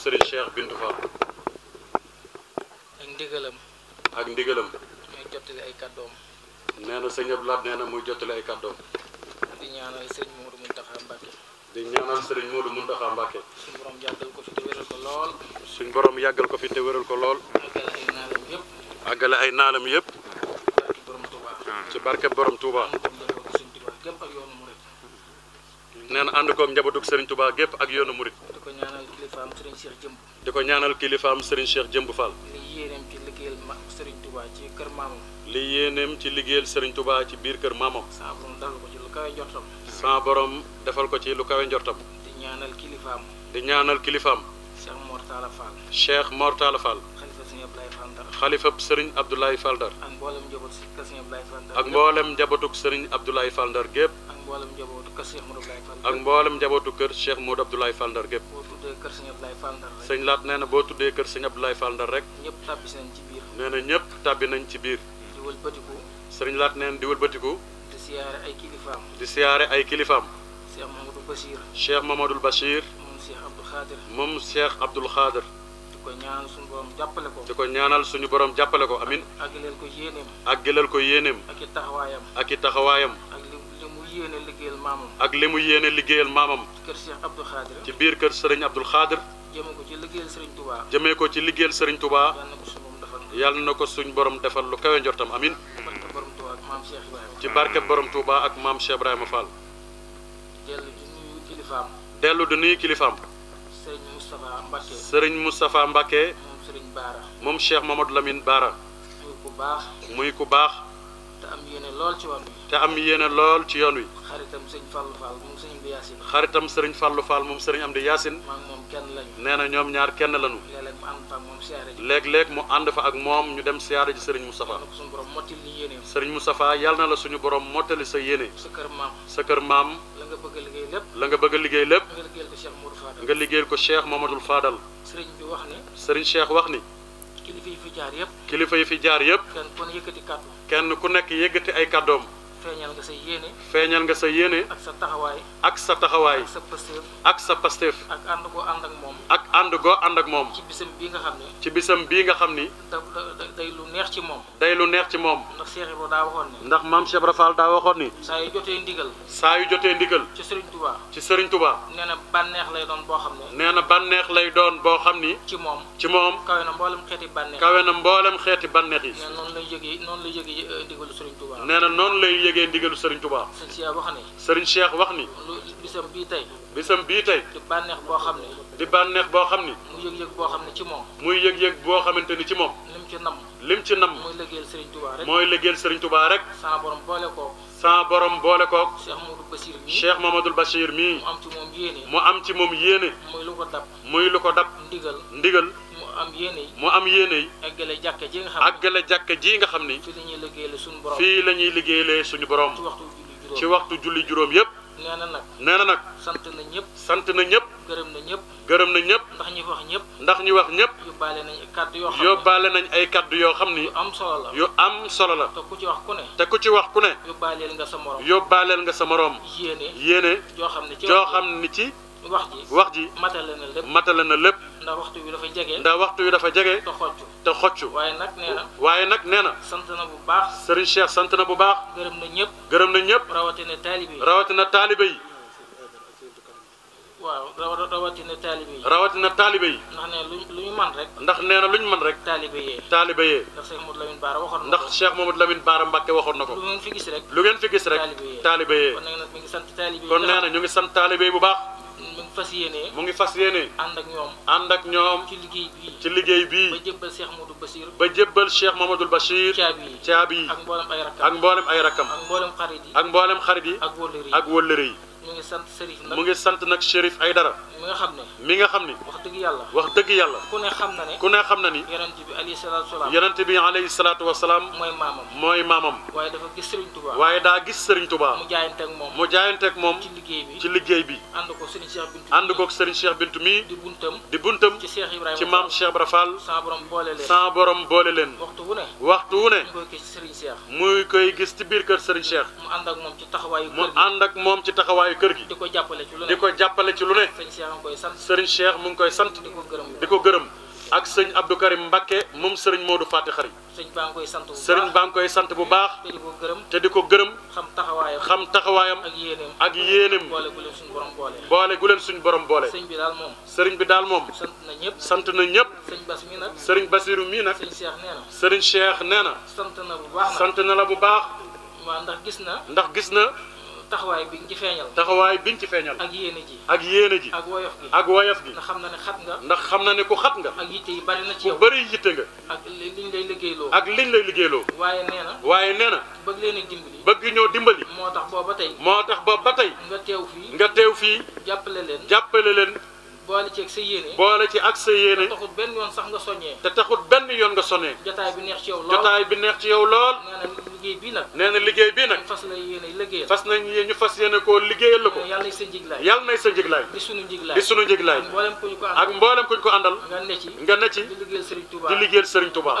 Serigne Cheikh Bintou Fall. ak ndigalam. ak ay kàddoom. na sëñ Abdou Lahad na muy jottali ay kàddoom. di ñaanal sëñ Modou Mountakha Mbacké. di ñaanal sëriñ Modou Mountakha Mbacké. suñu borom yàggal ko fi te wéral ko lool. suñu borom yàggal ko fi te wéral ko lool. àggale ay naalam yëpp. àggale barke borom Touba. nee na ànd koog njabootug Serigne Touba gépp ak yoonu murit di ko ñaanal kilifaam Serigne Cheikh Jëmb di ko ñaanal kilifaam Serigne Cheikh Jëmb Fall li yéeneem ci liggéeyal ma Serigne Touba ci kër maamam li yéeneem ci liggéeyal Serigne biir kër maamam saa borom defal ko ci lu kawe njortam saa borom defal ko ci lu kawe njortam di ñaanal kilifaam di ñaanal kilifaam Cheikh Mortala Fall Cheikh Mortala Fall xalifab Serigne Abdoulaye Ndar ak mboolem njabootug sëriñ Abdoulaye Fall Ndar gépp mboolem njabootu kër Cheikh ak mboolem njabootu kër Cheikh Modou Abdoulaye Fall Ndar gépp. boo tuddee kër Laat nee na boo tuddee kër Serigne Abdoulaye Fall Ndar rek. ñëpp tàbbi nañ ci biir. nee na ñëpp tàbbi nañ ci biir. di wëlbatiku. sëñ Laat nee na di wëlbatiku. di siyaare ay kilifaam. di siyaare ay kilifaam. Cheikh Mamadou Bachir. Cheikh Mamadou Bachir. moom Cheikh Abdoul Khadir. moom di ko ñaanal suñu borom jàppale ko. ko ñaanal suñu borom jàppale ko amin. àggaleel ko yéeneem. àggaleel ko yéeneem. ak i taxawaayam. ak i taxawaayam. yéene liggéeyal ak li mu yéene liggéeyal maamam. ci ci biir kër Serigne Abdoul Khadir. jëmee ko ci liggéeyal Serigne Touba. jëmee ko ci liggéeyal Serigne Touba. yàlla na ko suñ borom defal lu kawe njortam amin ci barke borom Touba ak maam Cheikh Ibrahima Fall. dellu di nuyu kilifaam. dellu di nuyu moom Serigne Baara. moom Baara. ku baax. muy ku baax. te am yéene lool ci yoon wi. te am lool ci yoon wi. xaritam sëñ sëñ Amdi Yaasin. xaritam sëriñ Fallou Fall moom sëriñ Amdi Yaasin. maam moom kenn lañu. nee na ñoom ñaar kenn lañu. léeg-léeg mu ànd fa ak moom siyaare ji. léeg-léeg mu ànd fa ak moom ñu dem siyaare ji sëriñ Moustapha. yàlla na ko suñu borom mottali yéene. sëriñ Moustapha yàlla na la suñu borom mottali sa yéene. sa kër maam. sa kër maam. la nga bëgg a liggéey lépp. la nga bëgg liggéey lépp. nga liggéeyal ko Cheikh Mamadou Fadal. sëriñ bi wax ni. sëriñ Cheikh wax ni. kilifa yi fi jaar yëpp. kilifa yi fi jaar yëpp. kenn ku nekk yëggati ay kàddoom feeñal nga sa yéene. feeñal nga sa yéene. ak sa taxawaay. ak sa taxawaay. ak sa pasteef. ak sa pasteef. ak ànd goo ànd ak moom. ak ànd goo ànd ak moom. ci bisam bii nga xam ni. ci bisam bii nga xam ni. da day lu neex ci moom. day lu neex ci moom. ndax Cheikh Ibrahima daa ndax maam Cheikh Rafal daa waxoon ni. saa yu jotee ndigal. saa yu jotee ndigal. ci Serigne Touba. ci Serigne Touba. na bànneex lay doon boo xam ne. nee na bànneex lay doon boo xam ni. ci moom. ci moom. kawe na mboolem xeeti bànneex. kawe na mboolem xeeti bànneex yi. nee na noonu lay yëgee noonu lay yëgee euh, yëgee ndigalu Serigne Touba. Serigne Cheikh wax ni. Serigne Cheikh wax ni. bisam bii tey. bisam bii boo xam ni. di bànneex boo xam ni. muy yëg-yëg boo xam ni ci moom. muy yëg-yëg boo xamante ni ci moom. lim ci nam. lim ci nam. mooy liggéeyal Serigne Touba rek. mooy liggéeyal Serigne Touba rek. sama borom boole ko. sans borom boole koog. Cheikh Mamadou Bachir mii. Cheikh Mamadou Bachir mii. mu am ci mu am ci moom yéene. muy lu ko dab. muy lu ko dab. ndigal ndigal. mu am yéene yi. mu am yéene yi. àggale ji nga xam ne àggale jàkka ji nga xam ni. fii la ñuy liggéeyale suñu borom fii la ñuy liggéeyale suñu borom. ci waxtu julli juróom yëpp. nee na nag nee nag. sant na ñëpp. sant na ñëpp. gërëm na ñëpp. gërëm na ñëpp. ndax ñi wax ñëpp. ndax ñi wax ñëpp. yóbbaale nañ ay kaddu yoo xam ne yóbbaale nañ ay kaddu yoo xam ni. yu am solo la yu am solo la. te ku ci wax ku ne. te ku ci wax ku ne. yóbbaaleel nga sa morom. yóbbaaleel nga sa morom. yéene yéene. joo xam ne ci wax wax ji matale na lépp matale na lépp. ndax waxtu wi dafa jege. ndax waxtu wi dafa jege. te xoccu te xoccu. waaye nag nee na. nag nee na. sant na bu baax. Serigne Cheikh sant bu baax. gërëm ñëpp. gërëm na ñëpp. rawatina taalibe yi rawatina taalibe yi. waaw rawatina taalibe yi. rawatina taalibe yi. ndax nee na lu ñu mën rek. ndax nee na lu ñu mën rek. taalibe yee. taalibe yee. ndax Cheikh Mamadou Lamine Baara waxoon na ko. ndax Cheikh Mamadou Lamine Baara Mbacke waxoon na ko. lu ngeen fi gis rek. lu ngeen fi gis rek. taalibe yee taalibe yee. kon nee ñu ngi sant taalibe yi bu baax mu ngi fas yéene. mu ngi fas yéene. ànd ak ñoom. ànd ak ñoom. ci liggéey bii. ci liggéey bii. ba jébbal Cheikh Mamadou ba jébbal Cheikh Mamadou Bachir. caabi yi caabi yi. ak mboolem ay rakkam. ak mboolem ay rakkam. mboolem xarit yi. ak mboolem xarit yi. ak wëllëre yi. mu ngi sant Chérif nag mu ngi sant nag Chérif Aïdara mi nga xam ne. mi nga xam ni. wax dëgg yàlla. wax dëgg yàlla. ku ne xam na ne. ku ne xam na ni. yonent bi alayhi salaatu wasalaam. yonent bi alayhi salaatu wasalaam. mooy maamam. mooy maamam. waaye dafa gis Serigne Touba. waaye daa gis Serigne Touba. mu jaayanteeg moom. mu jaayanteeg moom. ci liggéey bi ci liggéey bi. ànd ko Serigne Cheikh Bintu. ànd ko Serigne Cheikh Bintu mii. di buntam. di buntam. ci Cheikh Ibrahima ci maam Cheikh Ibra Fall. sans borom boole leen. sans borom boole leen. waxtu wu ne. waxtu wu ne. muy koy gis ci biir kër Serigne Cheikh. ànd ak moom ci taxawaayu kër gi. mu ànd ak moom ci taxawaayu kër gi. di ko jàppale ci lu ne. mu ngi koy sant sëriñ Cheikh mu ngi koy sant. di ko gërëm di ko gërëm. ak sëñ Abdou Karim Mbakke moom sëriñ Modou Fati Xari. sëriñ baa ngi koy sant bu baax baa ngi koy sant bu baax. te di ko gërëm te di ko gërëm. xam taxawaayam xam taxawaayam. ak yéeneem ak yéeneem. boole gu leen suñu borom boole. boole leen suñu borom boole. sëriñ bi daal moom. bi daal moom. sant na ñëpp sant na ñëpp. sëriñ Bas mi nag. sëriñ Basiru mi nag. sëriñ Cheikh nee na. nee na. sant na bu baax sant na la bu baax. waaw ndax gis na. ndax gis na. taxawaay bi ci feeñal. taxawaay bi ci feeñal. ak yéene ji. ak yéene ji. ak woyof gi ak woyof gi. ndax xam na ne xat nga. ndax xam na ne ko xat nga. ak yitte yi bari na ci yow bari yitte nga. ak liñ lay liggéeyloo. ak liñ lay liggéeyloo. waaye nee waaye nee na. bëgg leen a dimbali. bëgg ñoo dimbali. moo tax boobu ba tey. moo tax boobu ba tey. nga teew fii. nga teew fii. jàppale leen. jàppale leen. boole ci ak sa yéene. boole ci ak sa yéene. te taxut benn yoon nga soññee. jotaay bi neex ci yow lool jotaay liggéey bii nag fas nañ yéene ñu fas yéene koo liggéeyal la ko yàlla nay sa njiglaay yàlla sunu njiglaay ak mboolem ko àndal nga ne nga ne ci liggéeyal Serigne Touba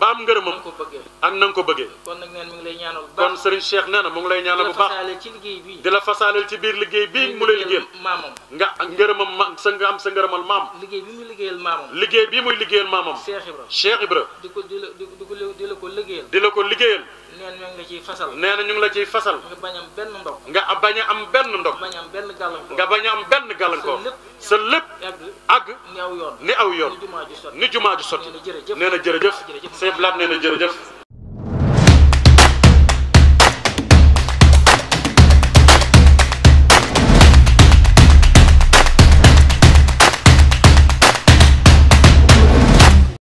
ba am ngërëmam ak na nga ko bëggee kon nag neen mu mu ngi lay ñaanal bu baax di la fasaaleel ci biir liggéey bii mu lay liggéeyal nga ngërëmam sa nga am sa ngërëmal maam. liggéey bi muy liggéeyal maamam. liggéey bi muy liggéeyal maamam. Cheikh Ibra Cheikh Ibra. di ko di la di la ko liggéeyal. di la ko liggéeyal. nee na ñu ngi la ciy fasal. nee na ñu ngi la ciy fasal. nga bañ am benn ndog. nga bañ a am benn ndog. bañ am benn gàllankoor. nga bañ am benn gàllankoor. sa lépp àgg ni aw yoon ni jumaa ju sotti nee na jërëjëf nee Blaat nee jërëjëf